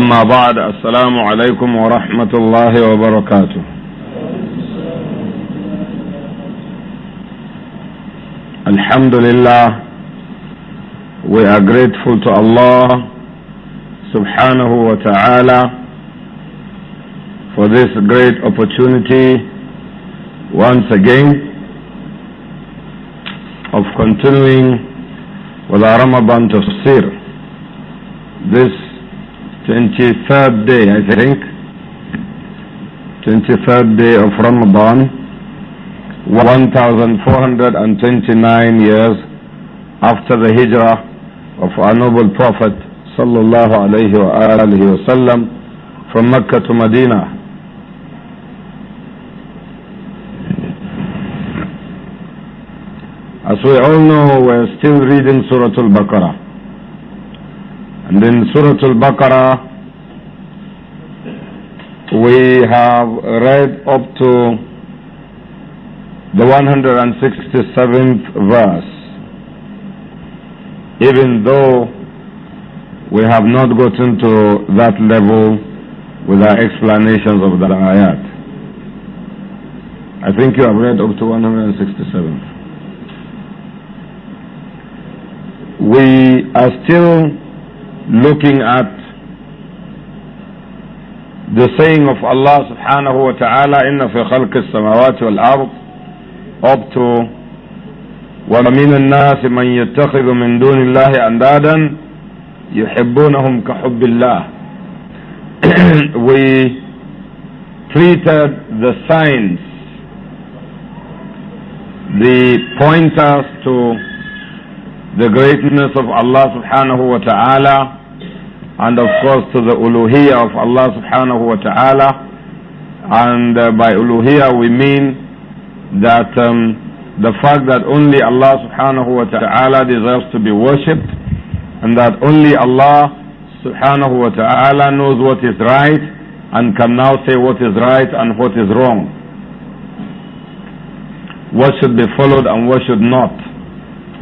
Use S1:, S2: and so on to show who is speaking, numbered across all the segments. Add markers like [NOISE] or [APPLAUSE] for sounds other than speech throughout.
S1: أما بعد السلام عليكم ورحمة الله وبركاته الحمد لله we are grateful to Allah subhanahu wa ta'ala for this great opportunity once again of continuing with our Ramadan tafsir this 23rd day, I think, 23rd day of Ramadan, 1429 years after the hijrah of our noble Prophet sallallahu alayhi wa sallam from Mecca to Medina. As we all know, we're still reading Surah Al-Baqarah. And in Surah Al-Baqarah, we have read up to the 167th verse, even though we have not gotten to that level with our explanations of the ayat. I think you have read up to 167. We are still looking at the saying of Allah subhanahu wa ta'ala inna fi khalq wa samawati wal ard up to ومن الناس من يتخذ من دون الله أندادا يحبونهم كحب الله we treated the signs the pointers to the greatness of Allah subhanahu wa ta'ala and of course to the uluhiyah of Allah subhanahu wa ta'ala and uh, by uluhiyah we mean that um, the fact that only Allah subhanahu wa ta'ala deserves to be worshipped and that only Allah subhanahu wa ta'ala knows what is right and can now say what is right and what is wrong what should be followed and what should not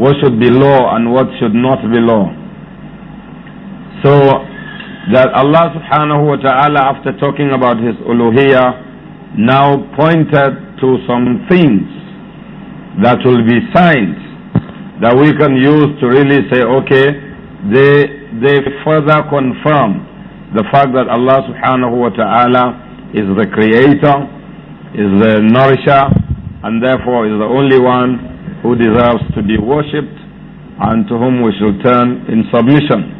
S1: what should be law and what should not be law. So that Allah subhanahu wa ta'ala after talking about his uluhiyah now pointed to some things that will be signs that we can use to really say, okay, they, they further confirm the fact that Allah subhanahu wa ta'ala is the creator, is the nourisher, and therefore is the only one who deserves to be worshipped and to whom we shall turn in submission.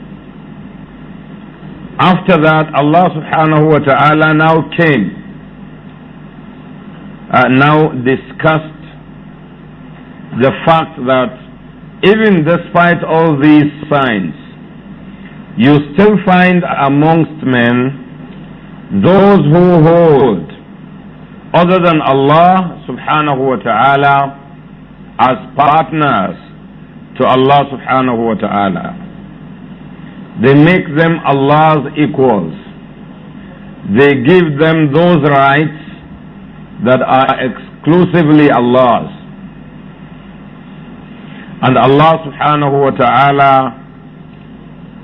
S1: After that, Allah subhanahu wa ta'ala now came, uh, now discussed the fact that even despite all these signs, you still find amongst men those who hold other than Allah subhanahu wa ta'ala as partners to Allah subhanahu wa ta'ala. They make them Allah's equals. They give them those rights that are exclusively Allah's. And Allah subhanahu wa ta'ala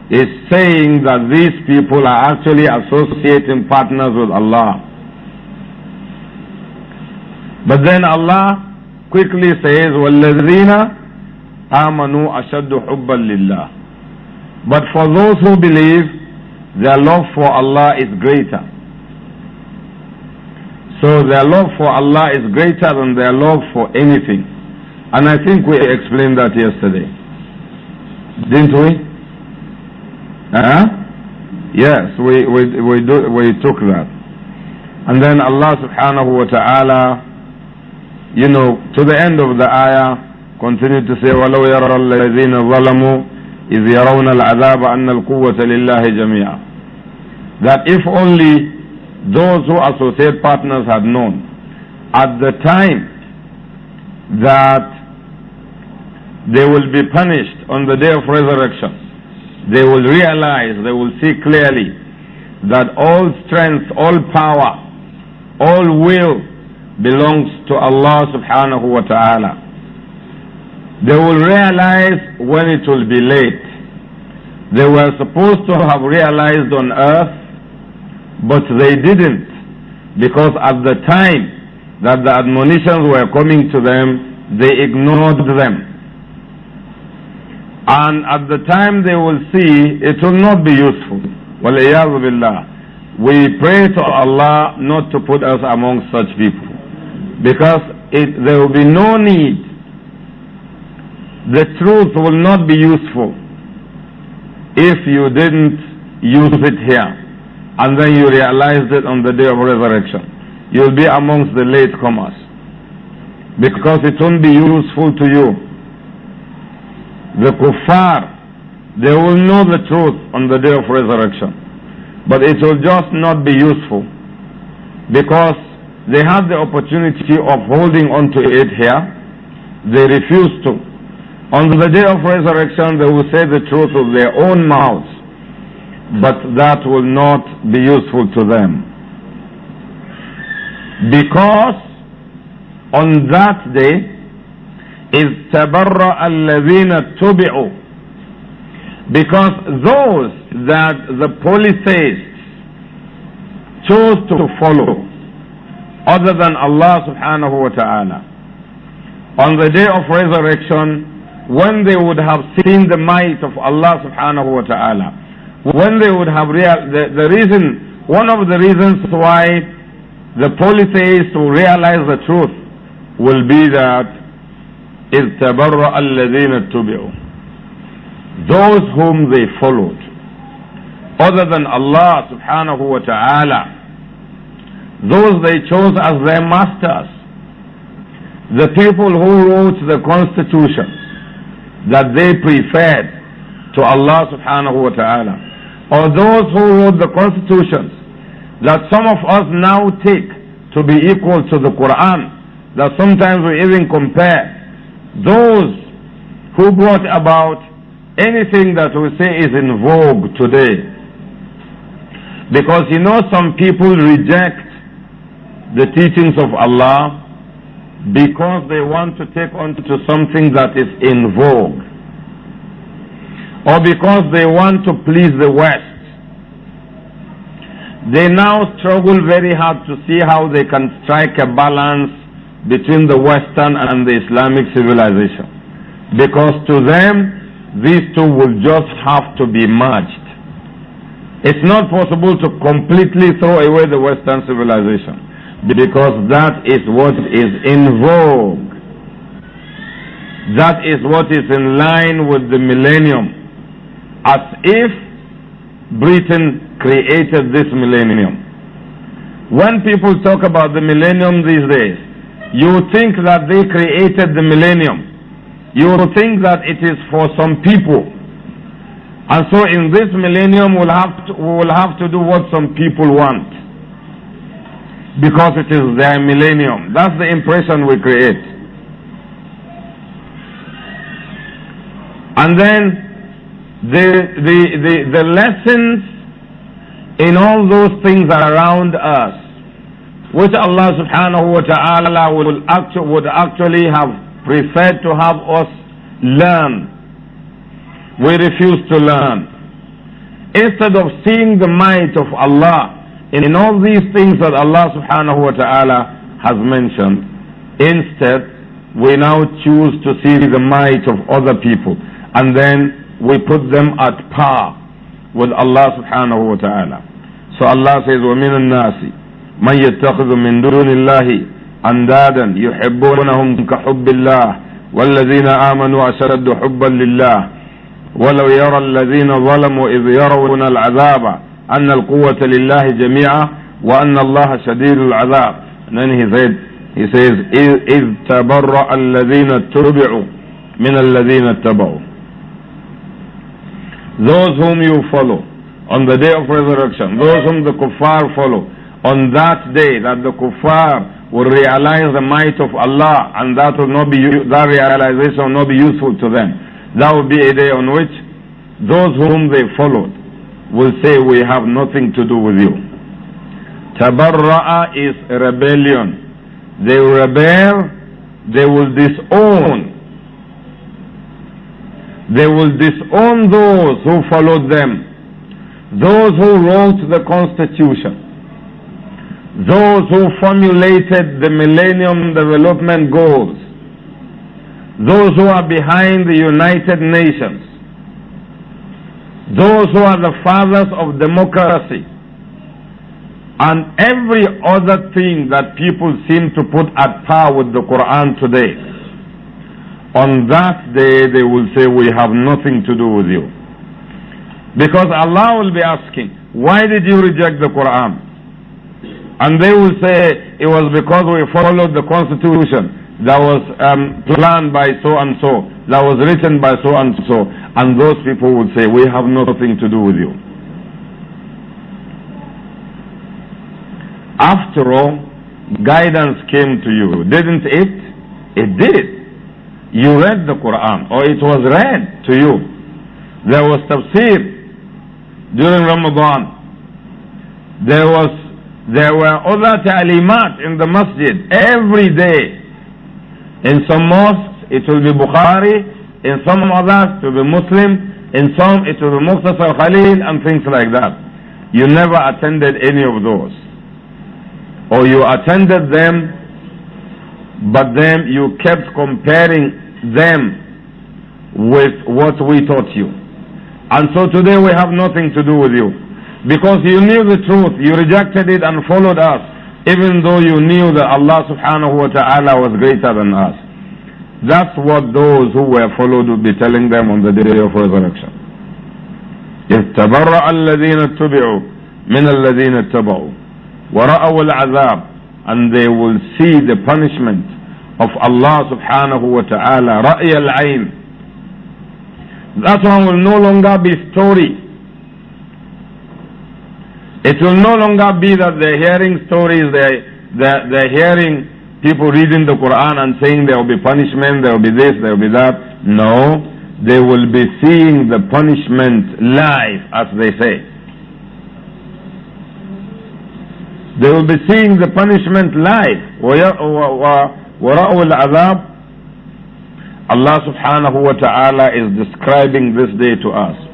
S1: is saying that these people are actually associating partners with Allah. But then Allah quickly says, وَالَّذِينَ آمَنُوا أَشَدُّ حُبًّا لِلَّهِ But for those who believe, their love for Allah is greater. So their love for Allah is greater than their love for anything. And I think we explained that yesterday. Didn't we? Ah, huh? Yes, we, we, we, do, we took that. And then Allah subhanahu wa ta'ala you know, to the end of the ayah, continue to say, وَلَوْ يَرَى الَّذِينَ ظَلَمُوا إِذْ يَرَوْنَ الْعَذَابَ أَنَّ الْقُوَّةَ لِلَّهِ جَمِيعًا That if only those who associate partners had known at the time that they will be punished on the day of resurrection, they will realize, they will see clearly that all strength, all power, all will belongs to Allah subhanahu wa ta'ala. They will realize when it will be late. They were supposed to have realized on earth, but they didn't, because at the time that the admonitions were coming to them, they ignored them. And at the time they will see, it will not be useful. وَالْعِيَاذُ بِاللَّهِ We pray to Allah not to put us among such people because it, there will be no need. The truth will not be useful if you didn't use it here. And then you realize it on the day of resurrection. You'll be amongst the late comers because it won't be useful to you. The kuffar, they will know the truth on the day of resurrection, but it will just not be useful because they had the opportunity of holding on to it here. They refused to. On the day of resurrection, they will say the truth of their own mouths, but that will not be useful to them. Because on that day, tabarra al الذين اتبعوا because those that the polytheists chose to follow other than Allah subhanahu wa ta'ala. On the day of resurrection, when they would have seen the might of Allah subhanahu wa ta'ala, when they would have real, the, the reason, one of the reasons why the polytheists will realize the truth will be that إذ تبرأ الذين اتبعوا those whom they followed other than Allah subhanahu wa ta'ala those they chose as their masters, the people who wrote the constitutions that they preferred to Allah subhanahu wa ta'ala, or those who wrote the constitutions that some of us now take to be equal to the Quran, that sometimes we even compare, those who brought about anything that we say is in vogue today. Because you know some people reject the teachings of Allah because they want to take on to something that is in vogue or because they want to please the West. They now struggle very hard to see how they can strike a balance between the Western and the Islamic civilization. Because to them, these two will just have to be merged. It's not possible to completely throw away the Western civilization because that is what is in vogue. That is what is in line with the millennium. As if Britain created this millennium. When people talk about the millennium these days, you think that they created the millennium. You think that it is for some people. And so in this millennium, we'll have to, we'll have to do what some people want because it is their millennium. That's the impression we create. And then the, the, the, the lessons in all those things that are around us, which Allah subhanahu wa ta'ala will actu- would actually have preferred to have us learn. We refuse to learn. Instead of seeing the might of Allah, in all these things that Allah subhanahu wa ta'ala has mentioned, instead, we now choose to see the might of other people and then we put them at par with Allah subhanahu wa ta'ala. So Allah says, وَمِنَ النَّاسِ مَنْ يَتَّخِذُ مِن دُونِ اللَّهِ أندادا يحبونهم كحب الله والذين آمنوا أشد حبا لله ولو يرى الذين ظلموا إذ يرون العذاب أن القوة لله جميعا وأن الله شديد العذاب and then he said he says إذ تبرأ الذين تبعوا من الذين اتبعوا those whom you follow on the day of resurrection those whom the kuffar follow on that day that the kuffar will realize the might of Allah and that will not be that realization will not be useful to them that will be a day on which those whom they followed will say we have nothing to do with you. Tabarra'a is rebellion. They rebel, they will disown. They will disown those who followed them, those who wrote the Constitution, those who formulated the Millennium Development Goals, those who are behind the United Nations those who are the fathers of democracy, and every other thing that people seem to put at par with the Quran today, on that day they will say, We have nothing to do with you. Because Allah will be asking, Why did you reject the Quran? And they will say, It was because we followed the Constitution that was um, planned by so and so, that was written by so and so. And those people would say, We have nothing to do with you. After all, guidance came to you, didn't it? It did. You read the Quran, or it was read to you. There was tafsir during Ramadan. There was there were other ta'limat in the masjid every day in some mosques, it will be Bukhari. In some others, it will be Muslim. In some, it will be al Khalil and things like that. You never attended any of those. Or you attended them, but then you kept comparing them with what we taught you. And so today we have nothing to do with you. Because you knew the truth, you rejected it and followed us even though you knew that Allah subhanahu wa ta'ala was greater than us. That's what those who were followed would be telling them on the day of resurrection. إذ الذين اتبعوا من الذين اتبعوا ورأوا العذاب and they will see the punishment of Allah subhanahu wa ta'ala رأي العين That one will no longer be story it will no longer be that they're hearing stories, they're, they're, they're hearing people reading the Quran and saying there will be punishment, there will be this, there will be that. No, they will be seeing the punishment live, as they say. They will be seeing the punishment live. Allah subhanahu wa ta'ala is describing this day to us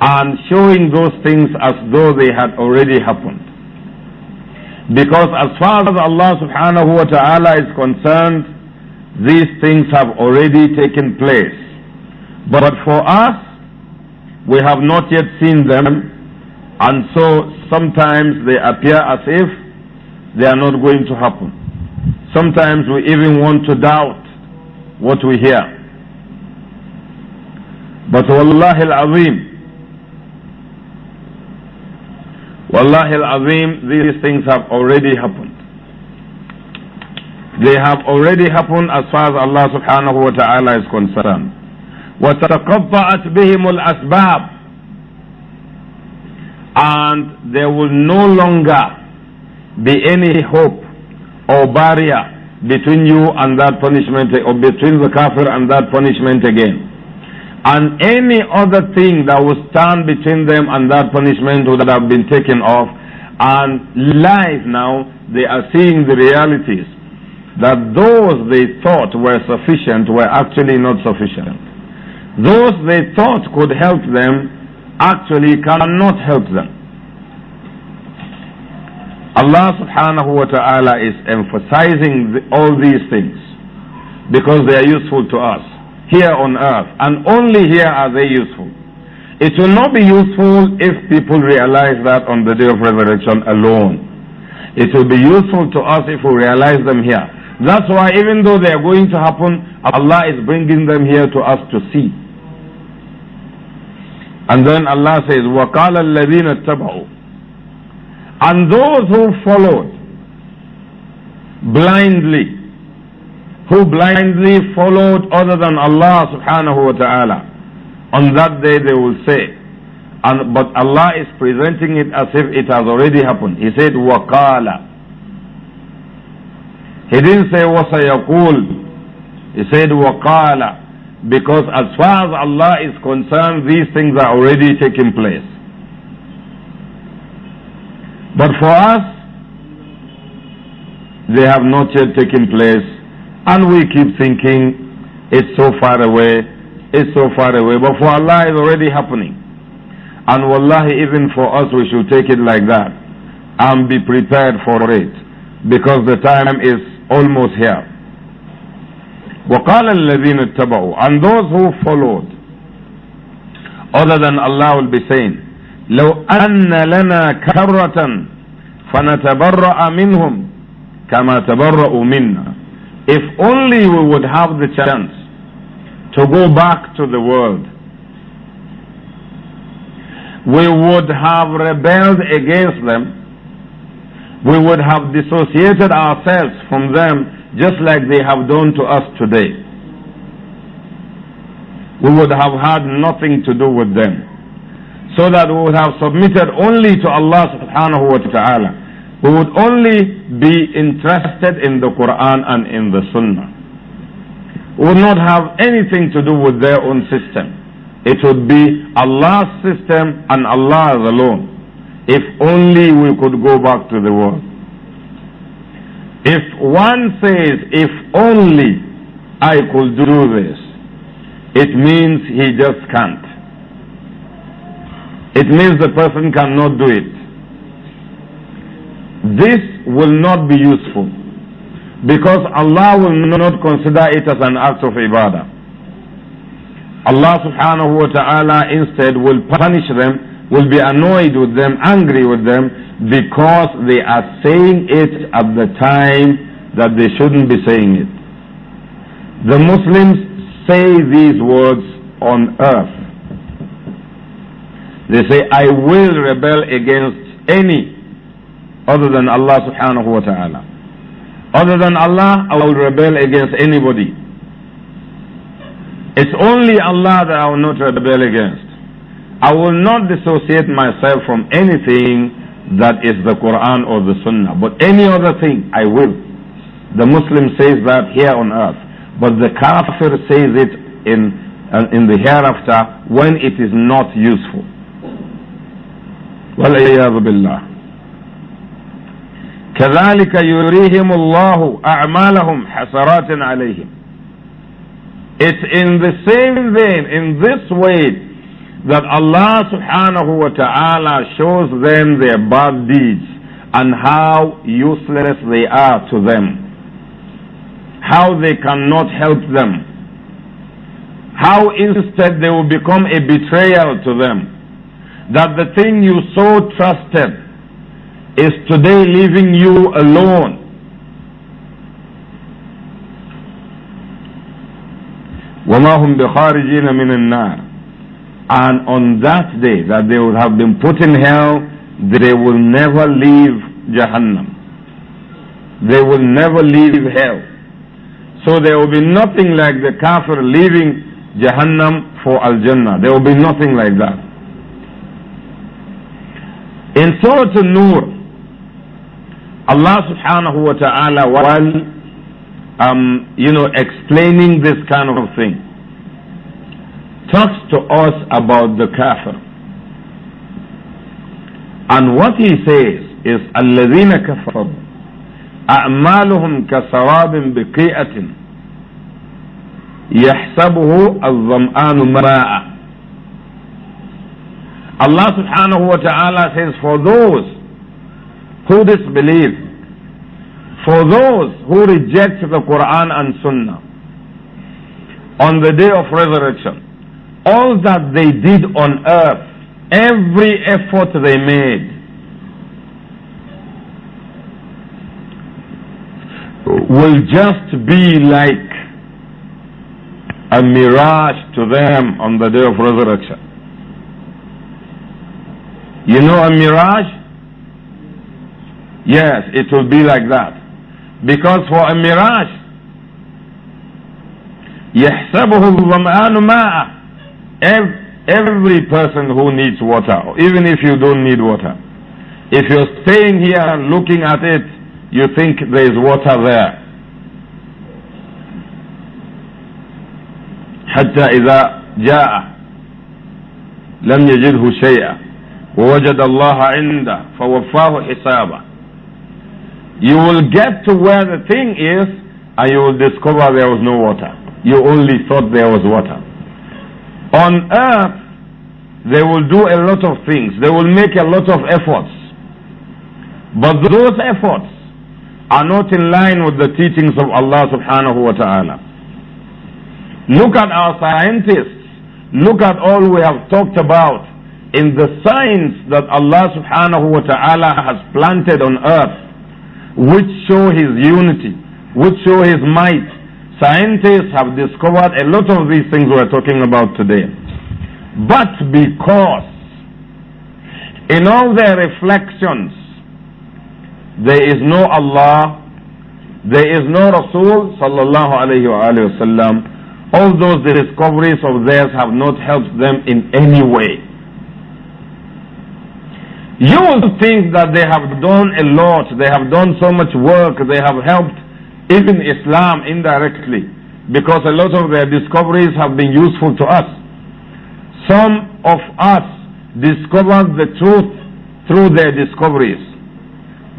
S1: and showing those things as though they had already happened. Because as far as Allah subhanahu wa ta'ala is concerned, these things have already taken place. But for us, we have not yet seen them, and so sometimes they appear as if they are not going to happen. Sometimes we even want to doubt what we hear. But wallahi al-azim, Wallahi al-azim, these things have already happened. They have already happened as far as Allah subhanahu wa ta'ala is concerned. وَتَقَطَّعَتْ بِهِمُ الْأَسْبَابِ And there will no longer be any hope or barrier between you and that punishment, or between the kafir and that punishment again. And any other thing that would stand between them and that punishment would have been taken off. And live now, they are seeing the realities that those they thought were sufficient were actually not sufficient. Those they thought could help them actually cannot help them. Allah subhanahu wa ta'ala is emphasizing the, all these things because they are useful to us here on earth, and only here are they useful. It will not be useful if people realize that on the day of resurrection alone. It will be useful to us if we realize them here. That's why even though they are going to happen, Allah is bringing them here to us to see. And then Allah says, وَقَالَ الَّذِينَ اتَّبَعُوا And those who followed blindly, who blindly followed other than Allah subhanahu wa ta'ala. On that day they will say, and, but Allah is presenting it as if it has already happened. He said, وَقَالَ He didn't say وَسَيَقُولُ He said وَقَالَ Because as far as Allah is concerned, these things are already taking place. But for us, they have not yet taken place and we keep thinking, it's so far away, it's so far away. But for Allah, it's already happening. And wallahi, even for us, we should take it like that and be prepared for it because the time is almost here. وقال الذين اتبعوا and those who followed other than Allah will be saying لو أن لنا كرة فنتبرأ منهم كما تبرأوا منا if only we would have the chance to go back to the world, we would have rebelled against them. We would have dissociated ourselves from them just like they have done to us today. We would have had nothing to do with them. So that we would have submitted only to Allah subhanahu wa ta'ala who would only be interested in the Quran and in the Sunnah, would not have anything to do with their own system. It would be Allah's system and Allah alone. If only we could go back to the world. If one says, if only I could do this, it means he just can't. It means the person cannot do it this will not be useful because Allah will not consider it as an act of ibadah. Allah subhanahu wa ta'ala instead will punish them, will be annoyed with them, angry with them because they are saying it at the time that they shouldn't be saying it. The Muslims say these words on earth. They say, I will rebel against any other than Allah subhanahu wa ta'ala. Other than Allah, I will rebel against anybody. It's only Allah that I will not rebel against. I will not dissociate myself from anything that is the Quran or the Sunnah, but any other thing, I will. The Muslim says that here on earth, but the Kafir says it in, uh, in the hereafter when it is not useful. وَالْعِيَاذُ بِاللَّهِ كذلك يريهم الله أعمالهم حسرات عليهم It's in the same vein, in this way, that Allah subhanahu wa ta'ala shows them their bad deeds and how useless they are to them, how they cannot help them, how instead they will become a betrayal to them, that the thing you so trusted is today leaving you alone. وَمَا هُمْ بِخَارِجِينَ مِنَ النَّارِ And on that day that they would have been put in hell, they will never leave Jahannam. They will never leave hell. So there will be nothing like the kafir leaving Jahannam for Al-Jannah. There will be nothing like that. In Surah An-Nur, Allah subhanahu wa ta'ala while um, you know explaining this kind of thing talks to us about the kafir and what he says is الذين كفروا أعمالهم كسراب بقيئة يحسبه الظمآن ماء Allah subhanahu wa ta'ala says for those who disbelieve? for those who reject the Quran and Sunnah on the day of resurrection, all that they did on earth, every effort they made, will just be like a mirage to them on the day of resurrection. You know a mirage? Yes, it will be like that. Because for a mirage, يَحْسَبُهُ الظَّمْآنُ مَاءً Every person who needs water, even if you don't need water, if you're staying here looking at it, you think there is water there. حتى إذا جاء لم يجده شيئا ووجد الله عنده فوفاه حسابه you will get to where the thing is and you will discover there was no water. You only thought there was water. On earth, they will do a lot of things. They will make a lot of efforts. But those efforts are not in line with the teachings of Allah subhanahu wa ta'ala. Look at our scientists. Look at all we have talked about in the science that Allah subhanahu wa ta'ala has planted on earth which show his unity, which show his might. Scientists have discovered a lot of these things we're talking about today. But because in all their reflections, there is no Allah, there is no Rasul sallallahu alayhi wa sallam, all those discoveries of theirs have not helped them in any way. You will think that they have done a lot, they have done so much work, they have helped even Islam indirectly, because a lot of their discoveries have been useful to us. Some of us discovered the truth through their discoveries,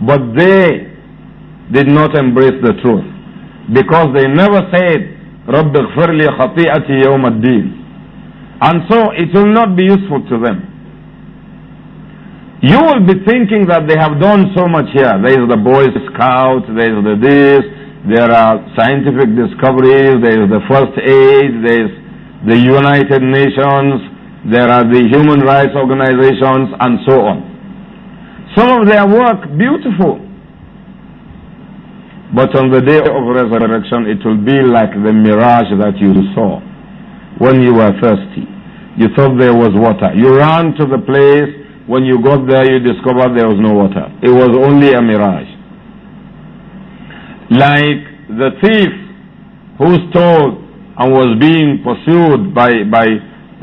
S1: but they did not embrace the truth because they never said, رَبِّ اغْفِرْ لِي خَطِيئَتِي يَوْمَ الدِّينِ And so it will not be useful to them. You will be thinking that they have done so much here. There is the Boy Scouts. there is the this, there are scientific discoveries, there is the first aid, there is the United Nations, there are the human rights organizations, and so on. Some of their work, beautiful. But on the day of resurrection, it will be like the mirage that you saw when you were thirsty. You thought there was water. You ran to the place when you got there, you discovered there was no water. It was only a mirage. Like the thief who stole and was being pursued by, by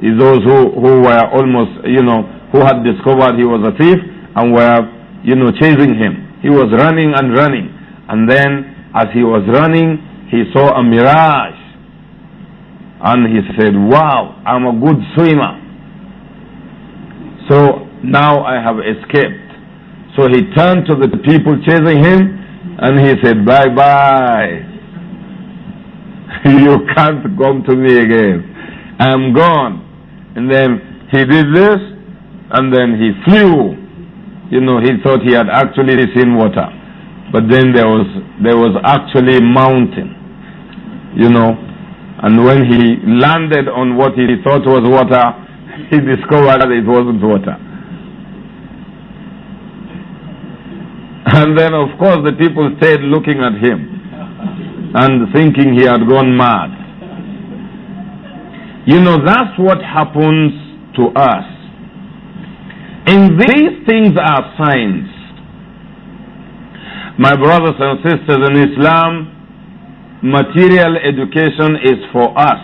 S1: those who, who were almost, you know, who had discovered he was a thief and were, you know, chasing him. He was running and running. And then, as he was running, he saw a mirage. And he said, Wow, I'm a good swimmer. So now I have escaped. So he turned to the people chasing him and he said, bye bye. [LAUGHS] you can't come to me again. I'm gone. And then he did this and then he flew. You know, he thought he had actually seen water. But then there was, there was actually mountain. You know, and when he landed on what he thought was water, [LAUGHS] he discovered that it wasn't water. And then, of course, the people stayed looking at him and thinking he had gone mad. You know, that's what happens to us. And these things are signs. My brothers and sisters in Islam, material education is for us.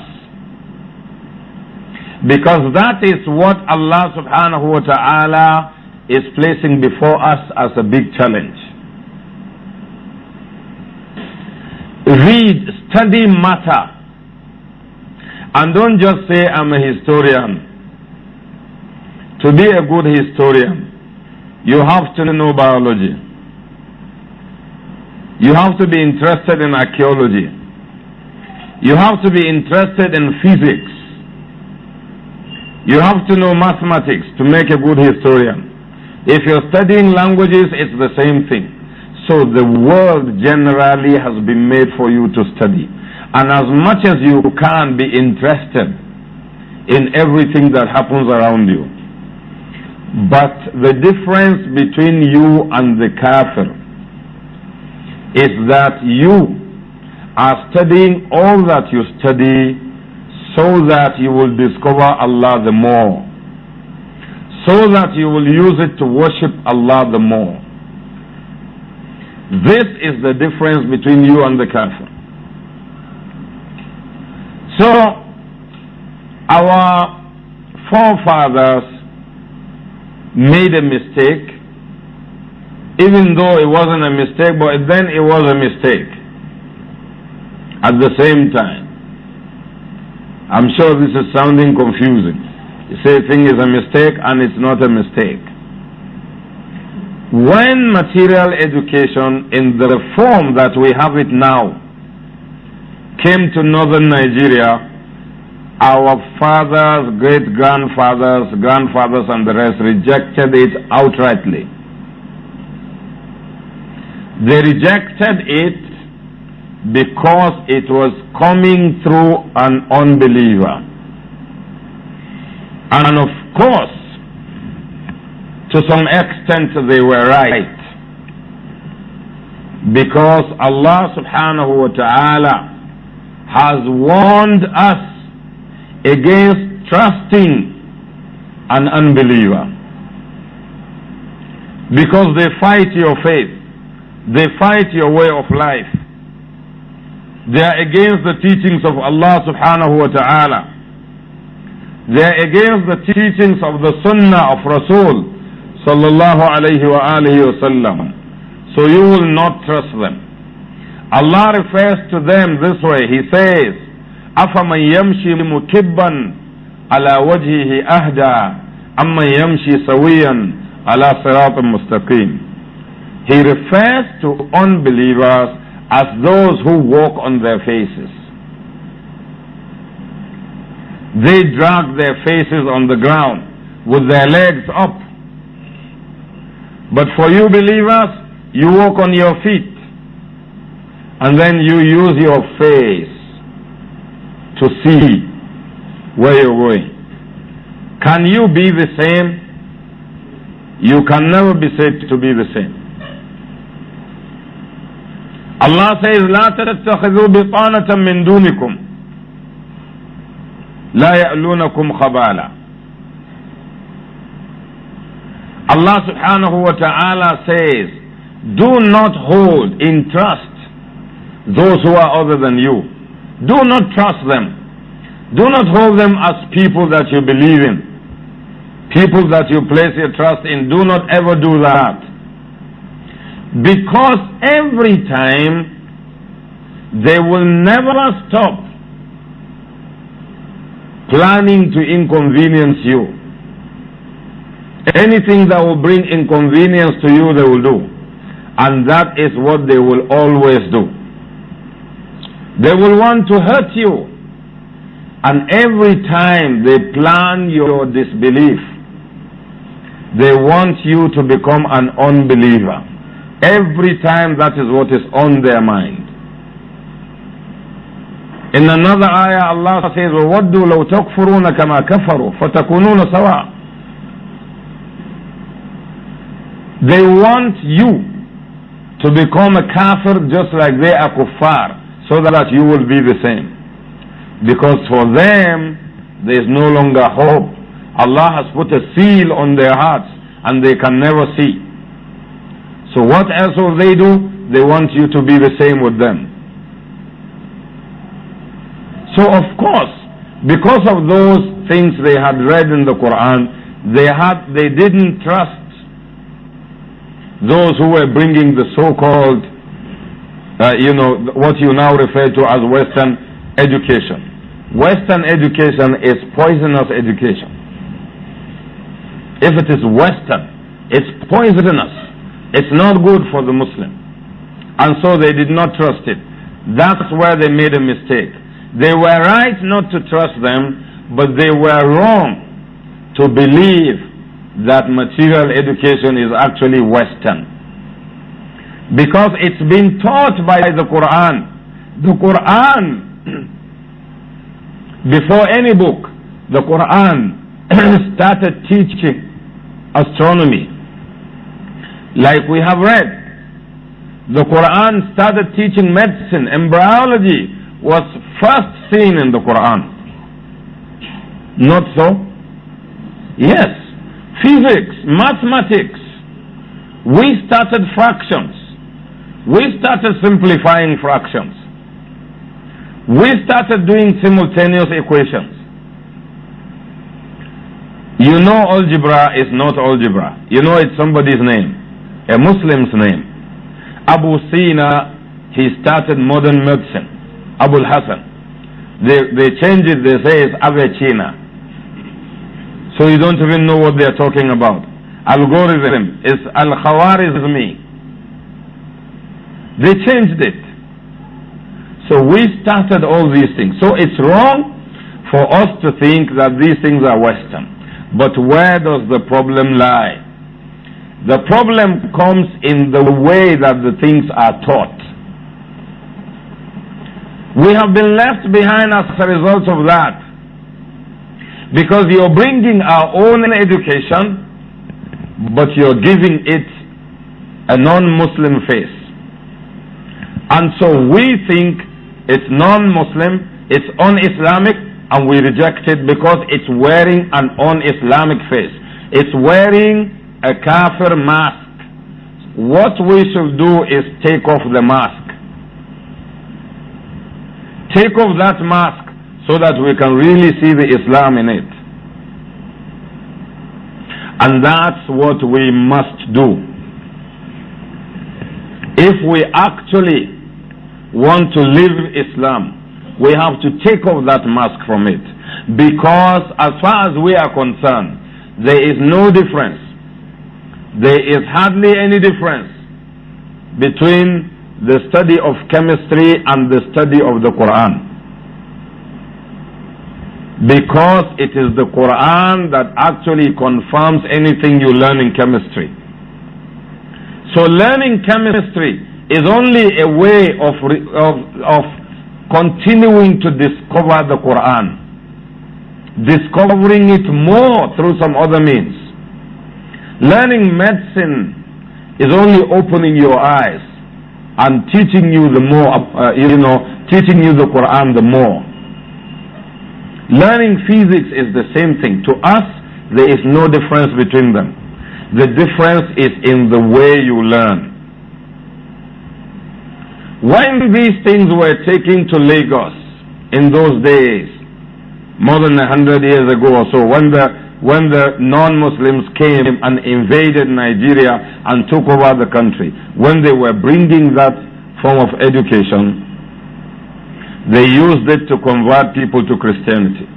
S1: Because that is what Allah subhanahu wa ta'ala is placing before us as a big challenge. Read, study matter. And don't just say, I'm a historian. To be a good historian, you have to know biology. You have to be interested in archaeology. You have to be interested in physics. You have to know mathematics to make a good historian. If you're studying languages, it's the same thing. So the world generally has been made for you to study. And as much as you can be interested in everything that happens around you. But the difference between you and the kafir is that you are studying all that you study so that you will discover Allah the more so that you will use it to worship Allah the more. This is the difference between you and the kafir. So, our forefathers made a mistake, even though it wasn't a mistake, but then it was a mistake at the same time. I'm sure this is sounding confusing. You say a thing is a mistake and it's not a mistake. When material education in the form that we have it now came to northern Nigeria, our fathers, great grandfathers, grandfathers, and the rest rejected it outrightly. They rejected it because it was coming through an unbeliever. And of course, to some extent they were right. Because Allah subhanahu wa ta'ala has warned us against trusting an unbeliever. Because they fight your faith. They fight your way of life. They are against the teachings of Allah subhanahu wa ta'ala. They're against the teachings of the sunnah of Rasul sallallahu alayhi wa alihi wasallam. So you will not trust them. Allah refers to them this way. He says, أَفَمَنْ يَمْشِي مُكِبًّا عَلَى وَجْهِهِ أَهْدَى أَمَّنْ يَمْشِي سَوِيًّا عَلَى صِرَاطٍ مُسْتَقِيمٍ He refers to unbelievers as those who walk on their faces. They drag their faces on the ground with their legs up. But for you believers, you walk on your feet and then you use your face to see where you're going. Can you be the same? You can never be said to be the same. Allah says, لا تتخذوا بطانة من دونكم لا يألونكم خبالا Allah says, Do not hold in trust those who are other than you. Do not trust them. Do not hold them as people that you believe in. People that you place your trust in. Do not ever do that. Because every time they will never stop planning to inconvenience you. Anything that will bring inconvenience to you, they will do. And that is what they will always do. They will want to hurt you. And every time they plan your disbelief, they want you to become an unbeliever. Every time that is what is on their mind. In another ayah, Allah says, وَوَدُّوا لَوْ تَكْفُرُونَ كَمَا كَفَرُوا فَتَكُونُونَ سَوَاءً They want you to become a kafir just like they are kuffar, so that you will be the same. Because for them, there is no longer hope. Allah has put a seal on their hearts and they can never see. So what else will they do? They want you to be the same with them. So of course, because of those things they had read in the Quran, they had they didn't trust those who were bringing the so-called, uh, you know, what you now refer to as Western education. Western education is poisonous education. If it is Western, it's poisonous. It's not good for the Muslim. And so they did not trust it. That's where they made a mistake. They were right not to trust them, but they were wrong to believe that material education is actually Western. Because it's been taught by the Quran. The Quran, [CLEARS THROAT] before any book, the Quran [CLEARS THROAT] started teaching astronomy. Like we have read, the Quran started teaching medicine, embryology, was first seen in the Quran. Not so? Yes. Physics, mathematics. We started fractions. We started simplifying fractions. We started doing simultaneous equations. You know algebra is not algebra. You know it's somebody's name, a Muslim's name. Abu Sina, he started modern medicine. Abul Hassan. They, they change it, they say it's China. So you don't even know what they're talking about. Algorithm is Al Khawarizmi. They changed it. So we started all these things. So it's wrong for us to think that these things are Western. But where does the problem lie? The problem comes in the way that the things are taught. We have been left behind as a result of that. Because you're bringing our own education, but you're giving it a non-Muslim face. And so we think it's non-Muslim, it's un-Islamic, and we reject it because it's wearing an un-Islamic face. It's wearing a kafir mask. What we should do is take off the mask Take off that mask so that we can really see the Islam in it. And that's what we must do. If we actually want to live Islam, we have to take off that mask from it. Because as far as we are concerned, there is no difference. There is hardly any difference between the study of chemistry and the study of the Quran. Because it is the Quran that actually confirms anything you learn in chemistry. So learning chemistry is only a way of, of, of continuing to discover the Quran, discovering it more through some other means. Learning medicine is only opening your eyes and teaching you the more, uh, you know, teaching you the Quran the more. Learning physics is the same thing. To us, there is no difference between them. The difference is in the way you learn. When these things were taken to Lagos in those days, more than a hundred years ago or so, when the when the non-Muslims came and invaded Nigeria and took over the country, when they were bringing that form of education, they used it to convert people to Christianity.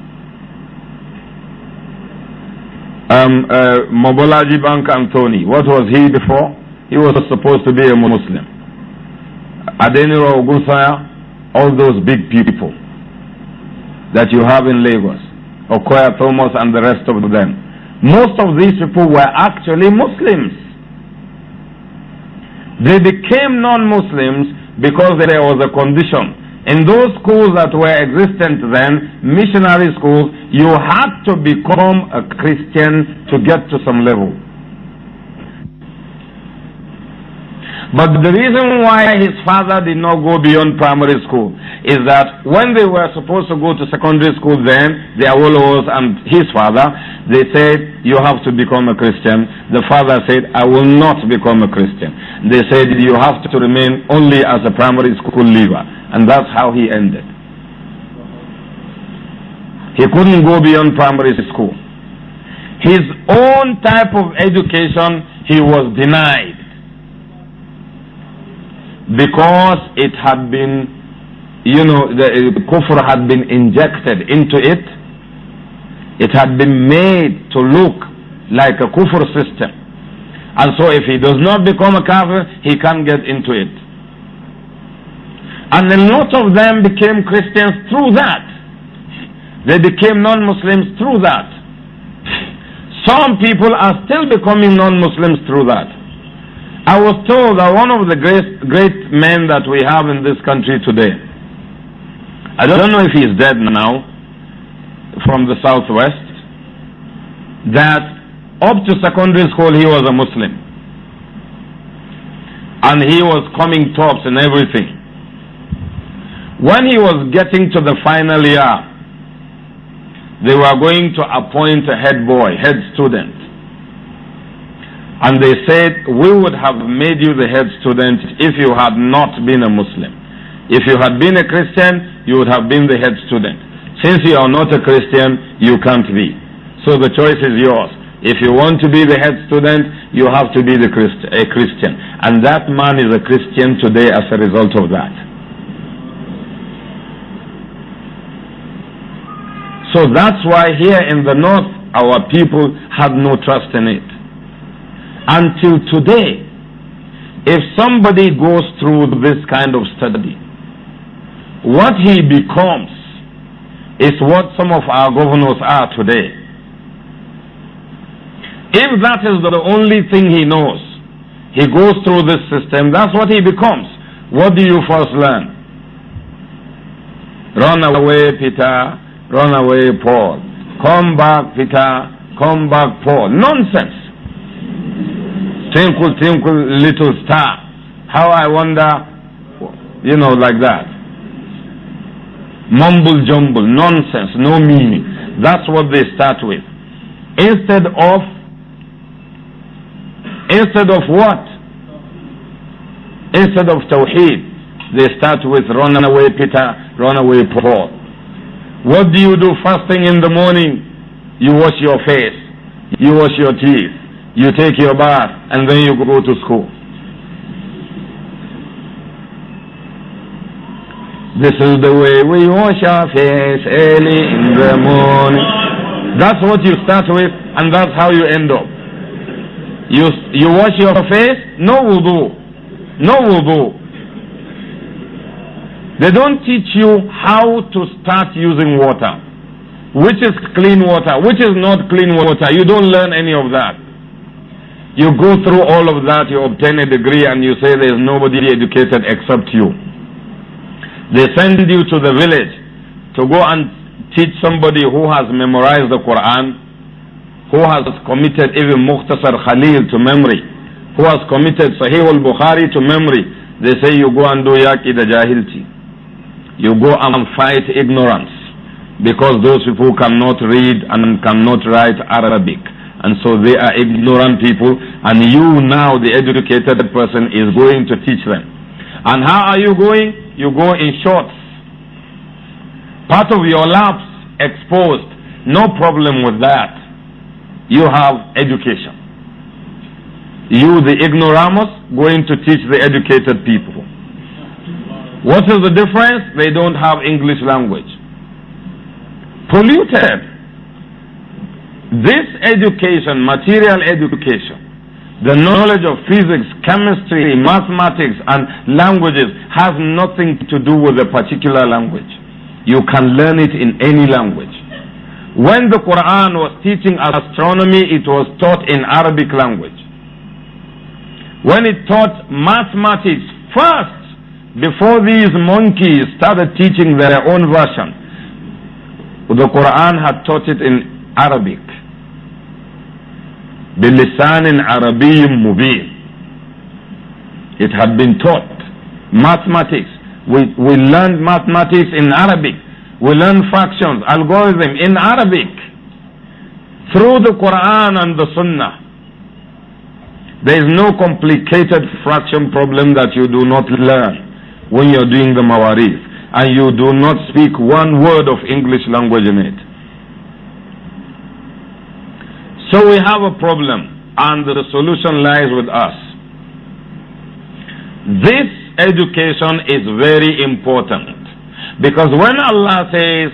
S1: Um, uh, Mobolaji Bank Anthony, what was he before? He was supposed to be a Muslim. Adeniro Ogunsaya, all those big people that you have in Lagos Koya Thomas and the rest of them. Most of these people were actually Muslims. They became non-Muslims because there was a condition. In those schools that were existent then, missionary schools, you had to become a Christian to get to some level. But the reason why his father did not go beyond primary school is that when they were supposed to go to secondary school then, the Awolowo's and his father, they said, you have to become a Christian. The father said, I will not become a Christian. They said, you have to remain only as a primary school leaver. And that's how he ended. He couldn't go beyond primary school. His own type of education he was denied because it had been, you know, the uh, kufr had been injected into it. It had been made to look like a kufr system. And so if he does not become a kafir, he can't get into it. And a lot of them became Christians through that. They became non-Muslims through that. Some people are still becoming non-Muslims through that. I was told that one of the great, great men that we have in this country today. I don't know if he is dead now, from the southwest, that up to secondary school he was a Muslim. And he was coming tops in everything. When he was getting to the final year, they were going to appoint a head boy, head student. And they said, We would have made you the head student if you had not been a Muslim. If you had been a Christian, you would have been the head student. Since you are not a Christian, you can't be. So the choice is yours. If you want to be the head student, you have to be the Christ, a Christian. And that man is a Christian today as a result of that. So that's why here in the north, our people had no trust in it until today, if somebody goes through this kind of study, what he becomes is what some of our governors are today. If that is the only thing he knows, he goes through this system, that's what he becomes. What do you first learn? Run away, Peter. Run away, Paul. Come back, Peter. Come back, Paul. Nonsense twinkle, twinkle, little star. How I wonder, you know, like that. Mumble jumble, nonsense, no meaning. That's what they start with. Instead of, instead of what? Instead of Tawheed, they start with runaway Peter, runaway Paul. What do you do fasting in the morning? You wash your face, you wash your teeth. You take your bath and then you go to school. This is the way we wash our face early in the morning. That's what you start with and that's how you end up. You, you wash your face, no wudu. No wudu. They don't teach you how to start using water. Which is clean water, which is not clean water. You don't learn any of that. You go through all of that, you obtain a degree, and you say there's nobody educated except you. They send you to the village to go and teach somebody who has memorized the Quran, who has committed even Muqtasar Khalil to memory, who has committed Sahih al Bukhari to memory. They say you go and do the jahilti. You go and fight ignorance because those people cannot read and cannot write Arabic and so they are ignorant people, and you now, the educated person, is going to teach them. And how are you going? You go in shorts. Part of your laps exposed. No problem with that. You have education. You, the ignoramus, going to teach the educated people. What is the difference? They don't have English language. Polluted. This education, material education, the knowledge of physics, chemistry, mathematics, and languages has nothing to do with a particular language. You can learn it in any language. When the Quran was teaching astronomy, it was taught in Arabic language. When it taught mathematics first, before these monkeys started teaching their own version, the Quran had taught it in Arabic. بلسان عربي مبين it had been taught mathematics we, we learned mathematics in Arabic we learned fractions algorithm in Arabic through the Quran and the Sunnah there is no complicated fraction problem that you do not learn when you're doing the mawarif and you do not speak one word of English language in it so we have a problem, and the solution lies with us. This education is very important because when Allah says,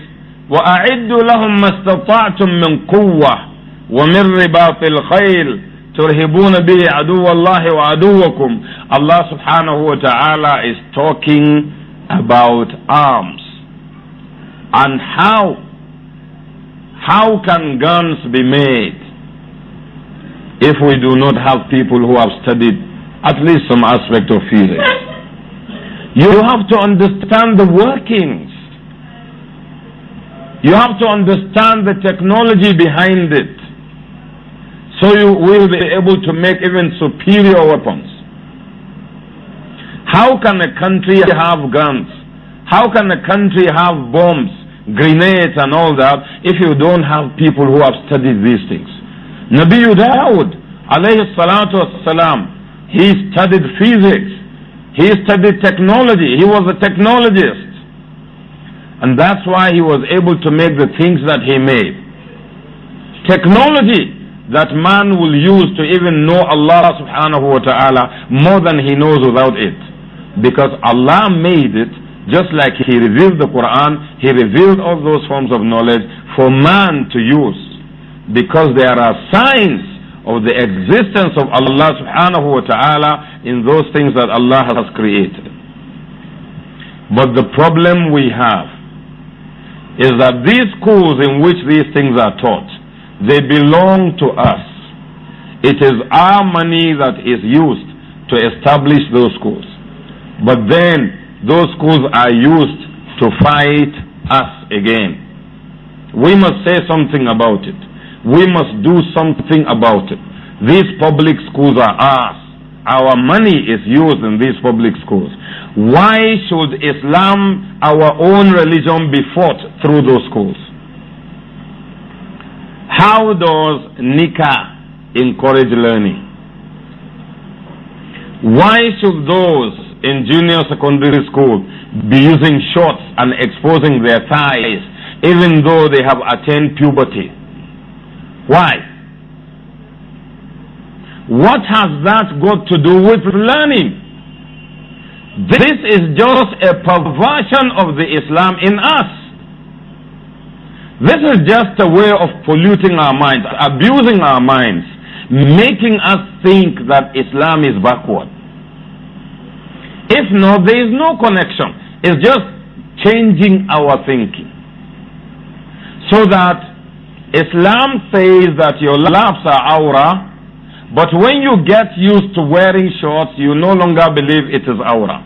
S1: وَأَعِدُّ لَهُمْ مَا اسْتَطَعْتُم مِّن قُوَّةٍ وَمِن رِّبَاطِ الْخَيْلِ ترهبون به عدو الله وعدوكم Allah subhanahu wa ta'ala is talking about arms and how how can guns be made if we do not have people who have studied at least some aspect of physics. You have to understand the workings. You have to understand the technology behind it. So you will be able to make even superior weapons. How can a country have guns? How can a country have bombs, grenades and all that if you don't have people who have studied these things? Nabi Dawood, alayhi salatu wasalam, he studied physics, he studied technology, he was a technologist. And that's why he was able to make the things that he made. Technology that man will use to even know Allah subhanahu wa ta'ala more than he knows without it. Because Allah made it just like he revealed the Quran, he revealed all those forms of knowledge for man to use because there are signs of the existence of Allah subhanahu wa ta'ala in those things that Allah has created. But the problem we have is that these schools in which these things are taught, they belong to us. It is our money that is used to establish those schools. But then those schools are used to fight us again. We must say something about it. We must do something about it. These public schools are ours. Our money is used in these public schools. Why should Islam, our own religion, be fought through those schools? How does Nikah encourage learning? Why should those in junior secondary school be using shorts and exposing their thighs even though they have attained puberty? Why? What has that got to do with learning? This is just a perversion of the Islam in us. This is just a way of polluting our minds, abusing our minds, making us think that Islam is backward. If not, there is no connection. It's just changing our thinking so that Islam says that your laps are aura, but when you get used to wearing shorts, you no longer believe it is aura.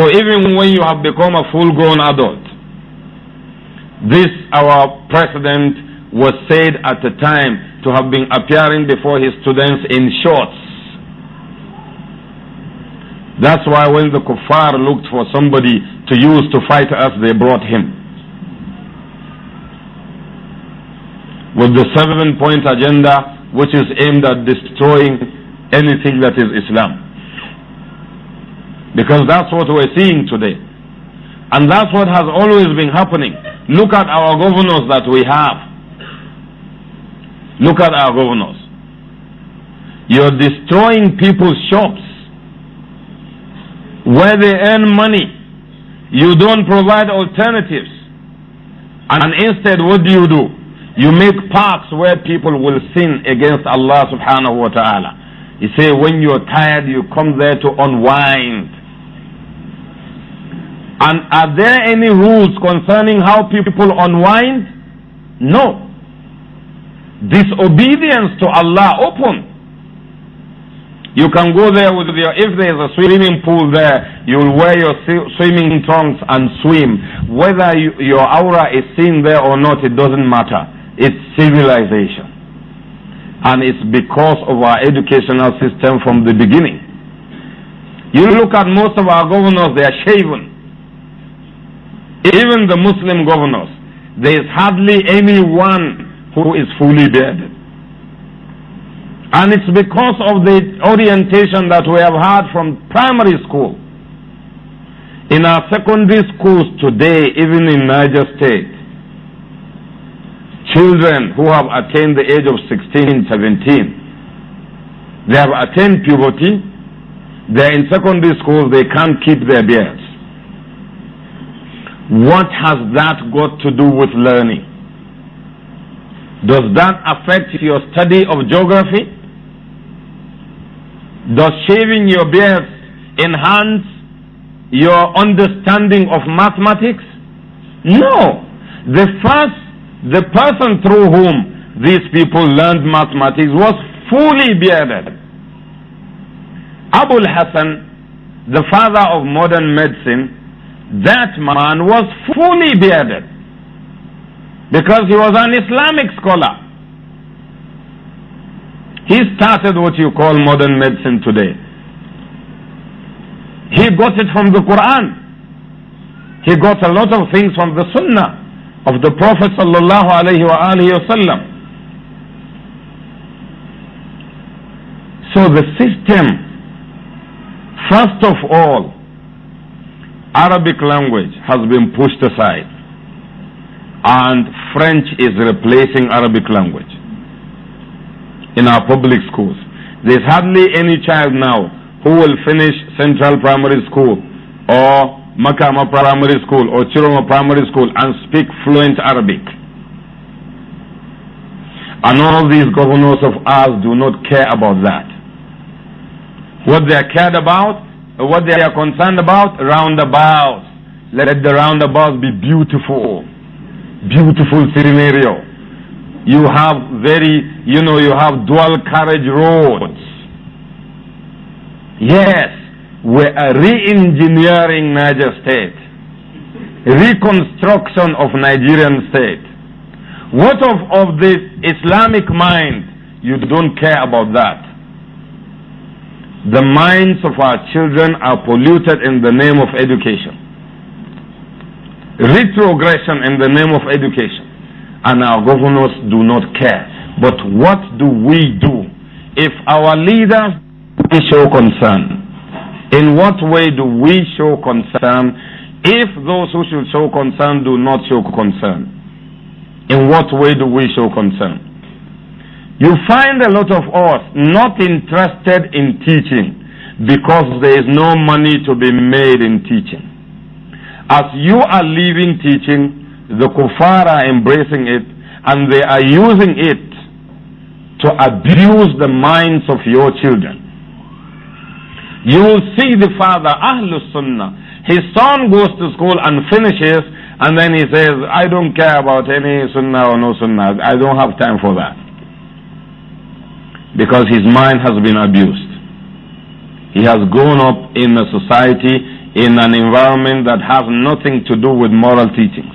S1: So even when you have become a full-grown adult, this our president was said at the time to have been appearing before his students in shorts. That's why when the kuffar looked for somebody to use to fight us, they brought him. with the seven point agenda which is aimed at destroying anything that is Islam. Because that's what we're seeing today. And that's what has always been happening. Look at our governors that we have. Look at our governors. You're destroying people's shops where they earn money. You don't provide alternatives. And instead, what do you do? You make parks where people will sin against Allah subhanahu wa ta'ala. You say when you're tired, you come there to unwind. And are there any rules concerning how people unwind? No. Disobedience to Allah open. You can go there with your, if there is a swimming pool there, you'll wear your swimming trunks and swim. Whether you, your aura is seen there or not, it doesn't matter. It's civilization. And it's because of our educational system from the beginning. You look at most of our governors, they are shaven. Even the Muslim governors, there is hardly anyone who is fully bearded. And it's because of the orientation that we have had from primary school. In our secondary schools today, even in Niger State, children who have attained the age of 16, 17, they have attained puberty, they're in secondary school, they can't keep their beards. What has that got to do with learning? Does that affect your study of geography? Does shaving your beard enhance your understanding of mathematics? No. The first the person through whom these people learned mathematics was fully bearded. Abul Hassan, the father of modern medicine, that man was fully bearded because he was an Islamic scholar. He started what you call modern medicine today. He got it from the Quran. He got a lot of things from the Sunnah of the Prophet sallallahu alaihi wasallam. So the system, first of all, Arabic language has been pushed aside and French is replacing Arabic language in our public schools. There's hardly any child now who will finish central primary school or Makama Primary School or Chiroma Primary School and speak fluent Arabic. And all these governors of ours do not care about that. What they are cared about, what they are concerned about, roundabouts. Let the roundabouts be beautiful. Beautiful scenario. You have very, you know, you have dual carriage roads. Yes we are re-engineering Niger State. Reconstruction of Nigerian state. What of, of the Islamic mind? You don't care about that. The minds of our children are polluted in the name of education. Retrogression in the name of education. And our governors do not care. But what do we do if our leaders show concern? In what way do we show concern if those who should show concern do not show concern? In what way do we show concern? You find a lot of us not interested in teaching because there is no money to be made in teaching. As you are leaving teaching, the kuffar are embracing it and they are using it to abuse the minds of your children. You will see the father, Ahlus Sunnah. His son goes to school and finishes, and then he says, I don't care about any Sunnah or no Sunnah. I don't have time for that. Because his mind has been abused. He has grown up in a society, in an environment that has nothing to do with moral teachings.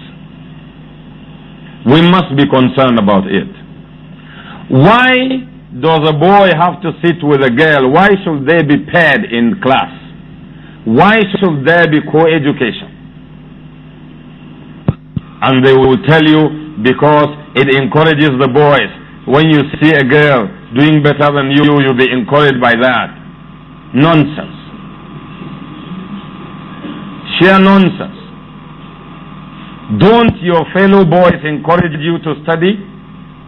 S1: We must be concerned about it. Why does a boy have to sit with a girl? Why should they be paired in class? Why should there be co-education? And they will tell you because it encourages the boys. When you see a girl doing better than you, you'll be encouraged by that. Nonsense. Sheer nonsense. Don't your fellow boys encourage you to study?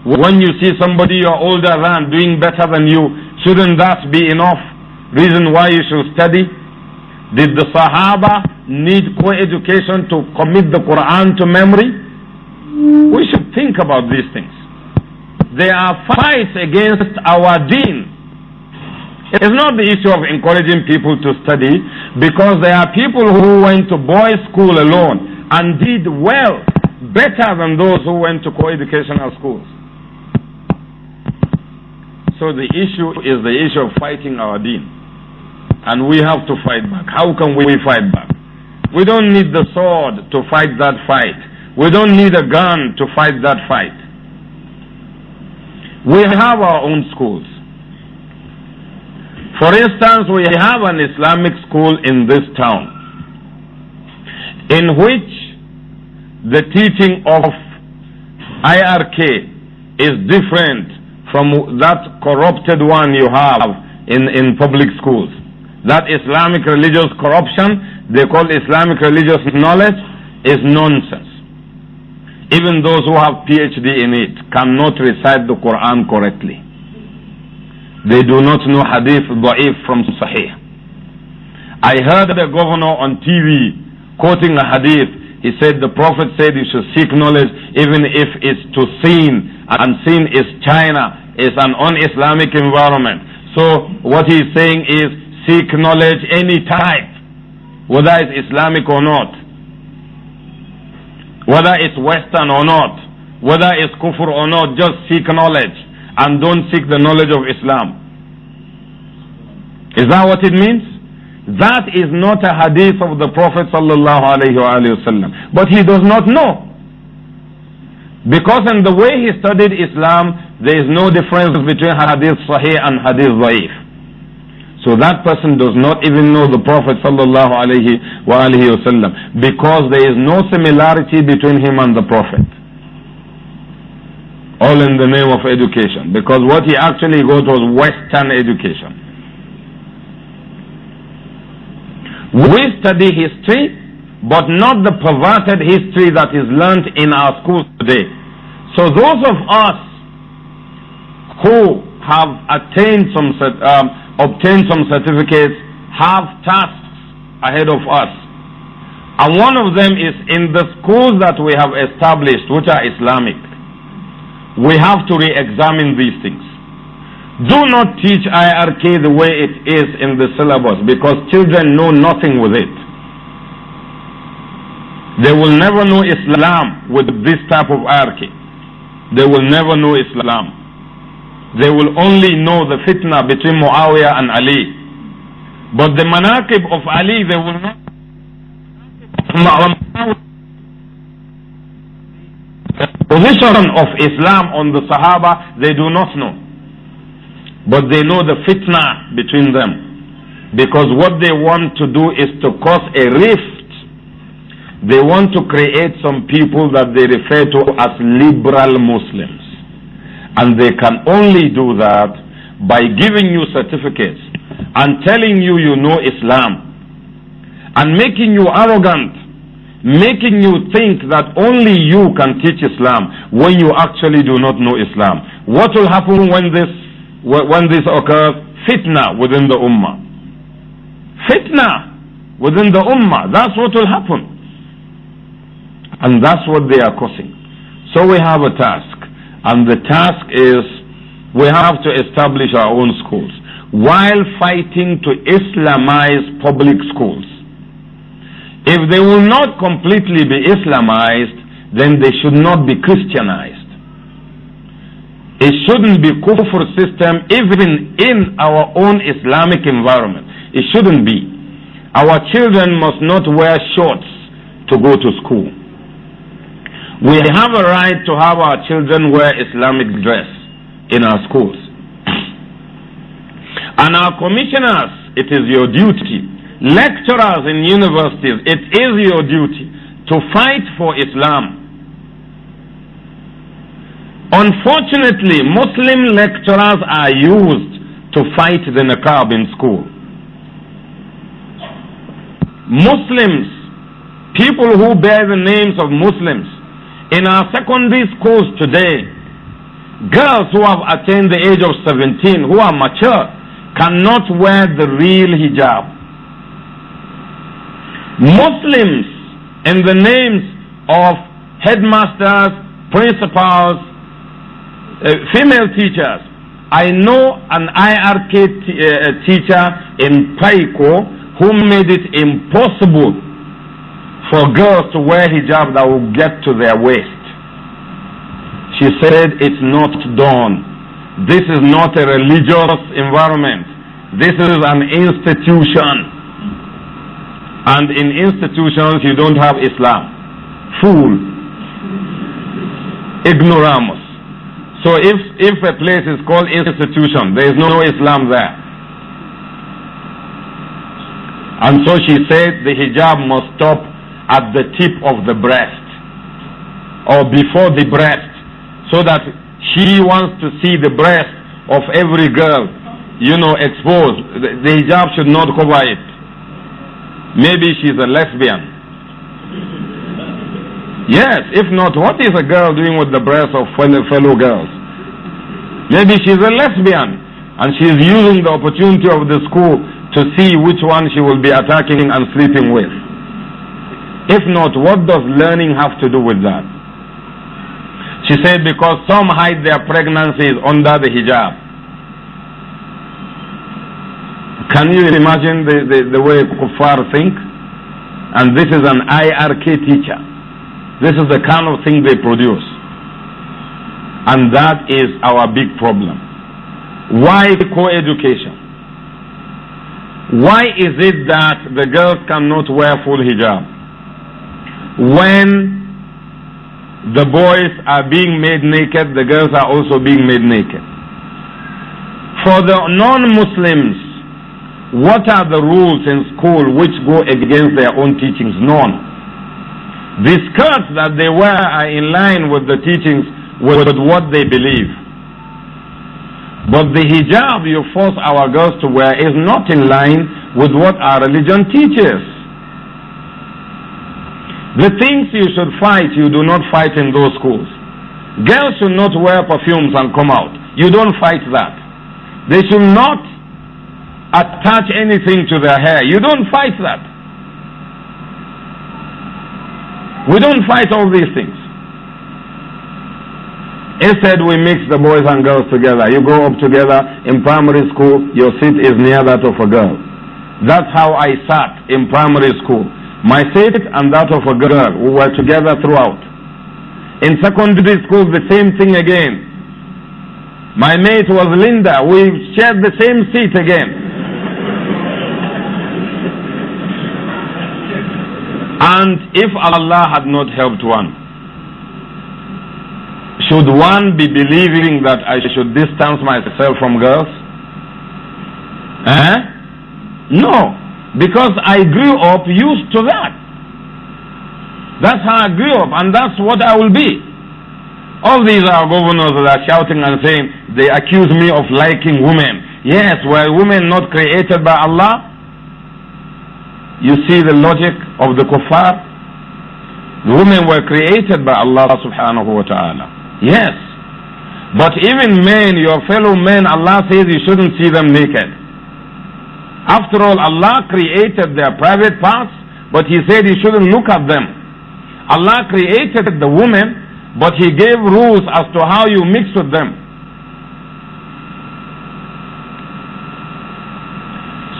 S1: When you see somebody you're older than doing better than you, shouldn't that be enough reason why you should study? Did the Sahaba need co-education to commit the Quran to memory? We should think about these things. There are fights against our deen. It's not the issue of encouraging people to study because there are people who went to boys' school alone and did well, better than those who went to co-educational schools. So the issue is the issue of fighting our deen. And we have to fight back. How can we fight back? We don't need the sword to fight that fight. We don't need a gun to fight that fight. We have our own schools. For instance, we have an Islamic school in this town in which the teaching of IRK is different from that corrupted one you have in, in public schools. That Islamic religious corruption, they call Islamic religious knowledge, is nonsense. Even those who have PhD in it cannot recite the Quran correctly. They do not know hadith da'if from sahih. I heard the governor on TV quoting a hadith. He said the Prophet said you should seek knowledge even if it's to sin and sin is China, is an un-Islamic environment. So what he's saying is seek knowledge any type, whether it's Islamic or not, whether it's Western or not, whether it's kufr or not, just seek knowledge and don't seek the knowledge of Islam. Is that what it means? That is not a hadith of the Prophet sallallahu alaihi wasallam. But he does not know. Because in the way he studied Islam, there is no difference between hadith sahih and hadith da'if. So that person does not even know the Prophet sallallahu wasallam because there is no similarity between him and the Prophet. All in the name of education because what he actually got was Western education. We study history but not the perverted history that is learnt in our schools today. So those of us who have attained some, um, obtained some certificates have tasks ahead of us. And one of them is in the schools that we have established, which are Islamic, we have to re-examine these things. Do not teach IRK the way it is in the syllabus because children know nothing with it. They will never know Islam with this type of hierarchy. They will never know Islam. They will only know the fitna between Muawiyah and Ali. But the manaqib of Ali, they will not. The position of Islam on the Sahaba, they do not know. But they know the fitna between them. Because what they want to do is to cause a rift they want to create some people that they refer to as liberal Muslims. And they can only do that by giving you certificates and telling you you know Islam and making you arrogant, making you think that only you can teach Islam when you actually do not know Islam. What will happen when this, when this occurs? Fitna within the Ummah. Fitna within the Ummah. That's what will happen. And that's what they are causing. So we have a task. And the task is we have to establish our own schools while fighting to Islamize public schools. If they will not completely be Islamized, then they should not be Christianized. It shouldn't be kufr system even in our own Islamic environment. It shouldn't be. Our children must not wear shorts to go to school. We have a right to have our children wear Islamic dress in our schools. And our commissioners, it is your duty. Lecturers in universities, it is your duty to fight for Islam. Unfortunately, Muslim lecturers are used to fight the niqab in school. Muslims, people who bear the names of Muslims, in our secondary schools today, girls who have attained the age of 17, who are mature, cannot wear the real hijab. Muslims, in the names of headmasters, principals, uh, female teachers, I know an IRK uh, eh, eh, teacher in Paiko who made it impossible for girls to wear hijab that will get to their waist. She said, It's not done. This is not a religious environment. This is an institution. And in institutions, you don't have Islam. Fool. Ignoramus. So if, if a place is called institution, there is no Islam there. And so she said the hijab must stop at the tip of the breast or before the breast so that she wants to see the breast of every girl, you know, exposed. The, the hijab should not cover it. Maybe she's a lesbian. Yes, if not, what is a girl doing with the breasts of fellow, fellow girls? Maybe she's a lesbian and she's using the opportunity of the school to see which one she will be attacking and sleeping with. If not, what does learning have to do with that? She said, because some hide their pregnancies under the hijab. Can you imagine the, the, the way kuffar think? And this is an IRK teacher. This is the kind of thing they produce. And that is our big problem. Why co-education? Why is it that the girls cannot wear full hijab? when the boys are being made naked, the girls are also being made naked. For the non-Muslims, what are the rules in school which go against their own teachings? None. The skirts that they wear are in line with the teachings, with, with what they believe. But the hijab you force our girls to wear is not in line with what our religion teaches. The things you should fight, you do not fight in those schools. Girls should not wear perfumes and come out. You don't fight that. They should not attach anything to their hair. You don't fight that. We don't fight all these things. Instead, we mix the boys and girls together. You grow up together in primary school, your seat is near that of a girl. That's how I sat in primary school. My fate and that of a girl. who were together throughout. In secondary school, the same thing again. My mate was Linda. We shared the same seat again. and if Allah had not helped one, should one be believing that I should distance myself from girls? Eh? No. Because I grew up used to that. That's how I grew up, and that's what I will be. All these are governors that are shouting and saying, they accuse me of liking women. Yes, were women not created by Allah? You see the logic of the kuffar? The women were created by Allah subhanahu wa ta'ala. Yes. But even men, your fellow men, Allah says you shouldn't see them naked. After all, Allah created their private parts, but He said He shouldn't look at them. Allah created the woman, but He gave rules as to how you mix with them.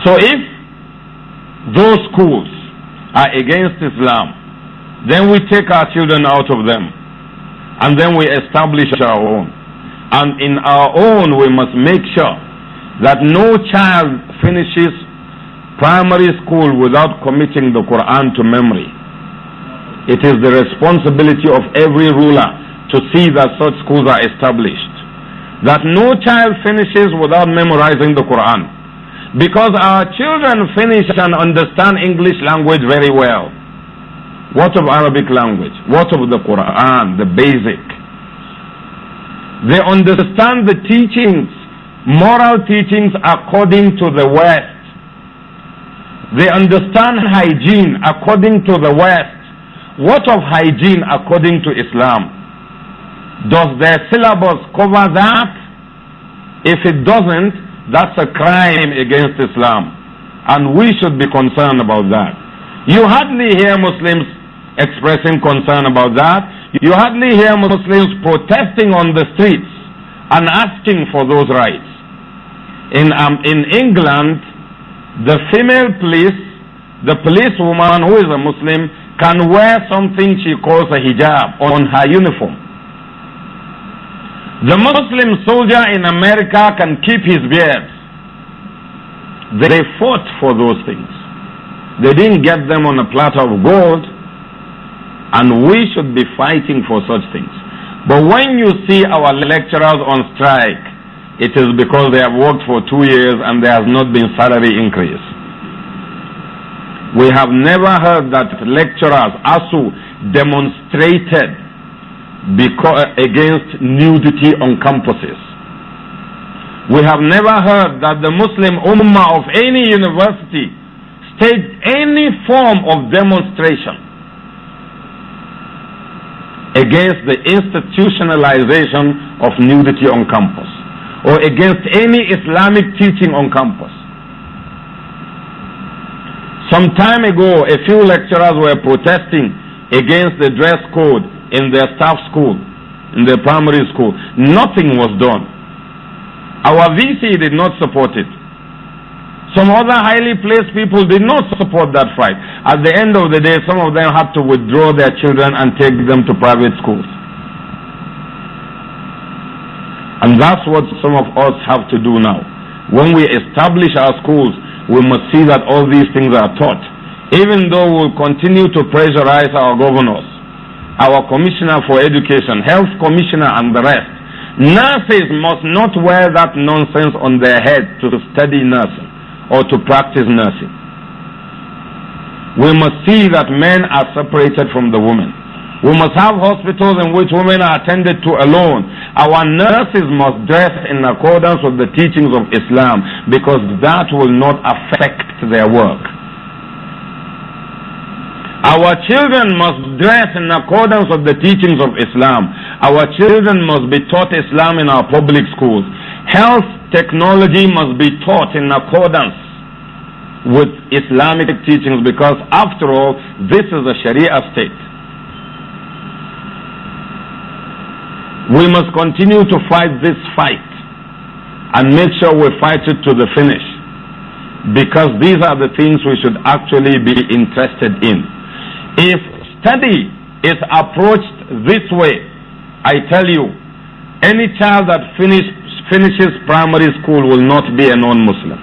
S1: So if those schools are against Islam, then we take our children out of them and then we establish our own. And in our own, we must make sure that no child finishes primary school without committing the Quran to memory. It is the responsibility of every ruler to see that such schools are established. That no child finishes without memorizing the Quran. Because our children finish and understand English language very well. What of Arabic language? What of the Quran, the basic? They understand the teachings moral teachings according to the West. They understand hygiene according to the West. What of hygiene according to Islam? Does their syllabus cover that? If it doesn't, that's a crime against Islam. And we should be concerned about that. You hardly hear Muslims expressing concern about that. You hardly hear Muslims protesting on the streets and asking for those rights in, um, in England, the female police, the policewoman who is a Muslim, can wear something she calls a hijab on her uniform. The Muslim soldier in America can keep his beard. They fought for those things. They didn't get them on a platter of gold, and we should be fighting for such things. But when you see our lecturers on strike, it is because they have worked for two years and there has not been salary increase. We have never heard that lecturers, ASU, demonstrated because, against nudity on campuses. We have never heard that the Muslim Ummah of any university staged any form of demonstration against the institutionalization of nudity on campus or against any Islamic teaching on campus. Some time ago, a few lecturers were protesting against the dress code in their staff school, in their primary school. Nothing was done. Our VC did not support it. Some other highly placed people did not support that fight. At the end of the day, some of them had to withdraw their children and take them to private schools. And that's what some of us have to do now. When we establish our schools, we must see that all these things are taught. Even though we'll continue to pressurize our governors, our commissioner for education, health commissioner, and the rest, nurses must not wear that nonsense on their head to study nursing or to practice nursing. We must see that men are separated from the women. We must have hospitals in which women are attended to alone. Our nurses must dress in accordance with the teachings of Islam because that will not affect their work. Our children must dress in accordance with the teachings of Islam. Our children must be taught Islam in our public schools. Health technology must be taught in accordance with Islamic teachings because after all, this is a Sharia state. We must continue to fight this fight and make sure we fight it to the finish because these are the things we should actually be interested in. If study is approached this way, I tell you, any child that finish, finishes primary school will not be a non Muslim.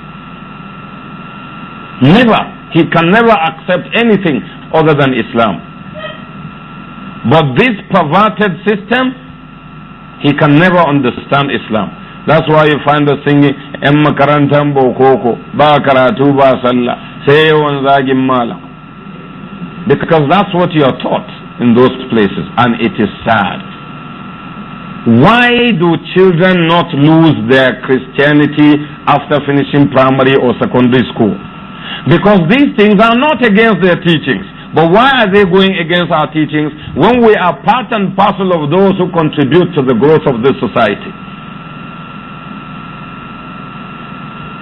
S1: Never. He can never accept anything other than Islam. But this perverted system he can never understand Islam. That's why you find the singing, makarantar bokoko, koko, karatu ba sallah, sai yawan zagin Because that's what you are taught in those places, and it is sad. Why do children not lose their Christianity after finishing primary or secondary school? Because these things are not against their teachings. But why are they going against our teachings when we are part and parcel of those who contribute to the growth of this society?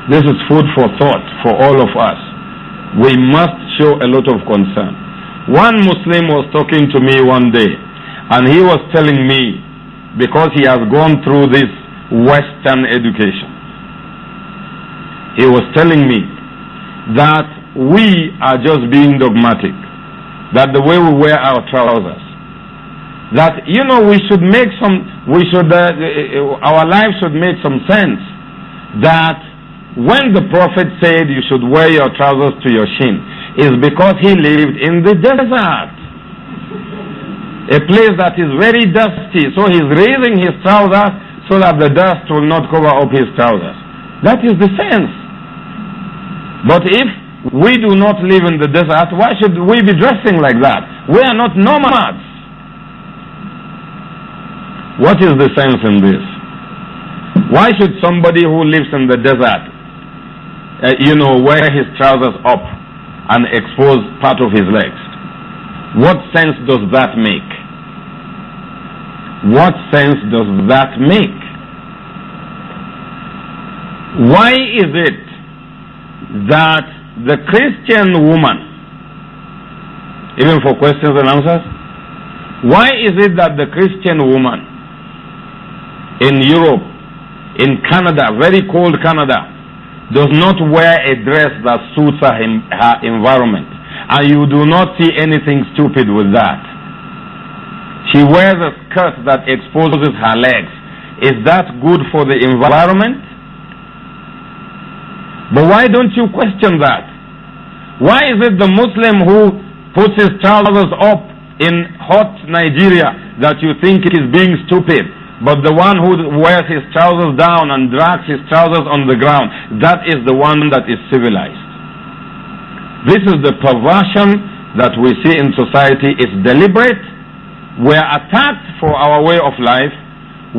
S1: This is food for thought for all of us. We must show a lot of concern. One Muslim was talking to me one day and he was telling me because he has gone through this Western education. He was telling me that we are just being dogmatic that the way we wear our trousers. That, you know, we should make some, we should, uh, uh, our life should make some sense. That when the Prophet said you should wear your trousers to your shin, is because he lived in the desert. A place that is very dusty. So he's raising his trousers so that the dust will not cover up his trousers. That is the sense. But if we do not live in the desert. Why should we be dressing like that? We are not nomads. What is the sense in this? Why should somebody who lives in the desert, uh, you know, wear his trousers up and expose part of his legs? What sense does that make? What sense does that make? Why is it that the Christian woman, even for questions and answers, why is it that the Christian woman in Europe, in Canada, very cold Canada, does not wear a dress that suits her, her environment? And you do not see anything stupid with that. She wears a skirt that exposes her legs. Is that good for the environment? But why don't you question that? Why is it the Muslim who puts his trousers up in hot Nigeria that you think is being stupid? But the one who wears his trousers down and drags his trousers on the ground, that is the one that is civilized. This is the perversion that we see in society. It's deliberate. We're attacked for our way of life,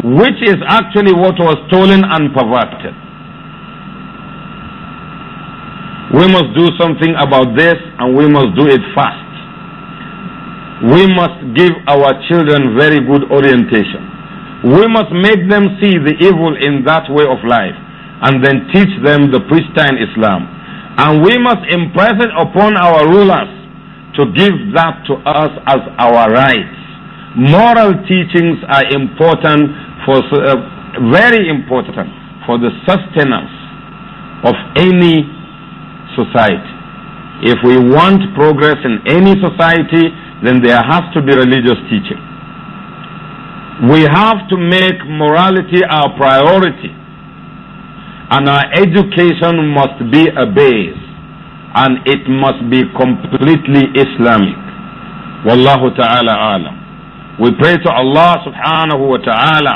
S1: which is actually what was stolen and perverted. We must do something about this and we must do it fast. We must give our children very good orientation. We must make them see the evil in that way of life and then teach them the pristine Islam. And we must impress it upon our rulers to give that to us as our rights. Moral teachings are important for, uh, very important for the sustenance of any society. If we want progress in any society, then there has to be religious teaching. We have to make morality our priority, and our education must be a base, and it must be completely Islamic. Wallahu ta'ala alam. We pray to Allah subhanahu wa ta'ala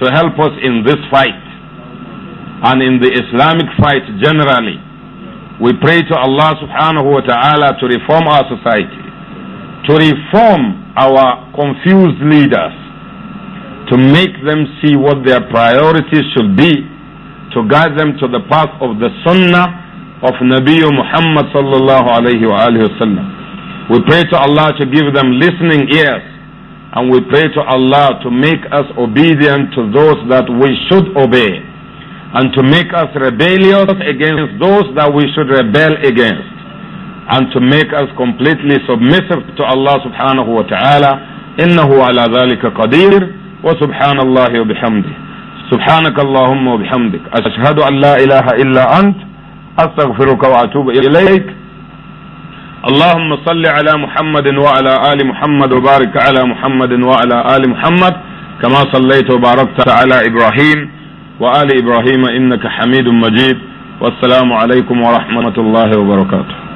S1: to help us in this fight and in the Islamic fight generally we pray to Allah subhanahu wa ta'ala to reform our society, to reform our confused leaders, to make them see what their priorities should be, to guide them to the path of the sunnah of Nabi Muhammad sallallahu alayhi wa We pray to Allah to give them listening ears and we pray to Allah to make us obedient to those that we should obey and to make us rebellious against those that we should rebel against and to make us completely submissive to Allah subhanahu wa ta'ala innahu ala dhalika qadir wa subhanallahi wa bihamdi سبحانك اللهم وبحمدك أشهد أن لا إله إلا أنت أستغفرك وأتوب إليك اللهم صل على محمد وعلى آل محمد وبارك على محمد وعلى آل محمد كما صليت وباركت على إبراهيم وآل إبراهيم إنك حميد مجيد والسلام عليكم ورحمة الله وبركاته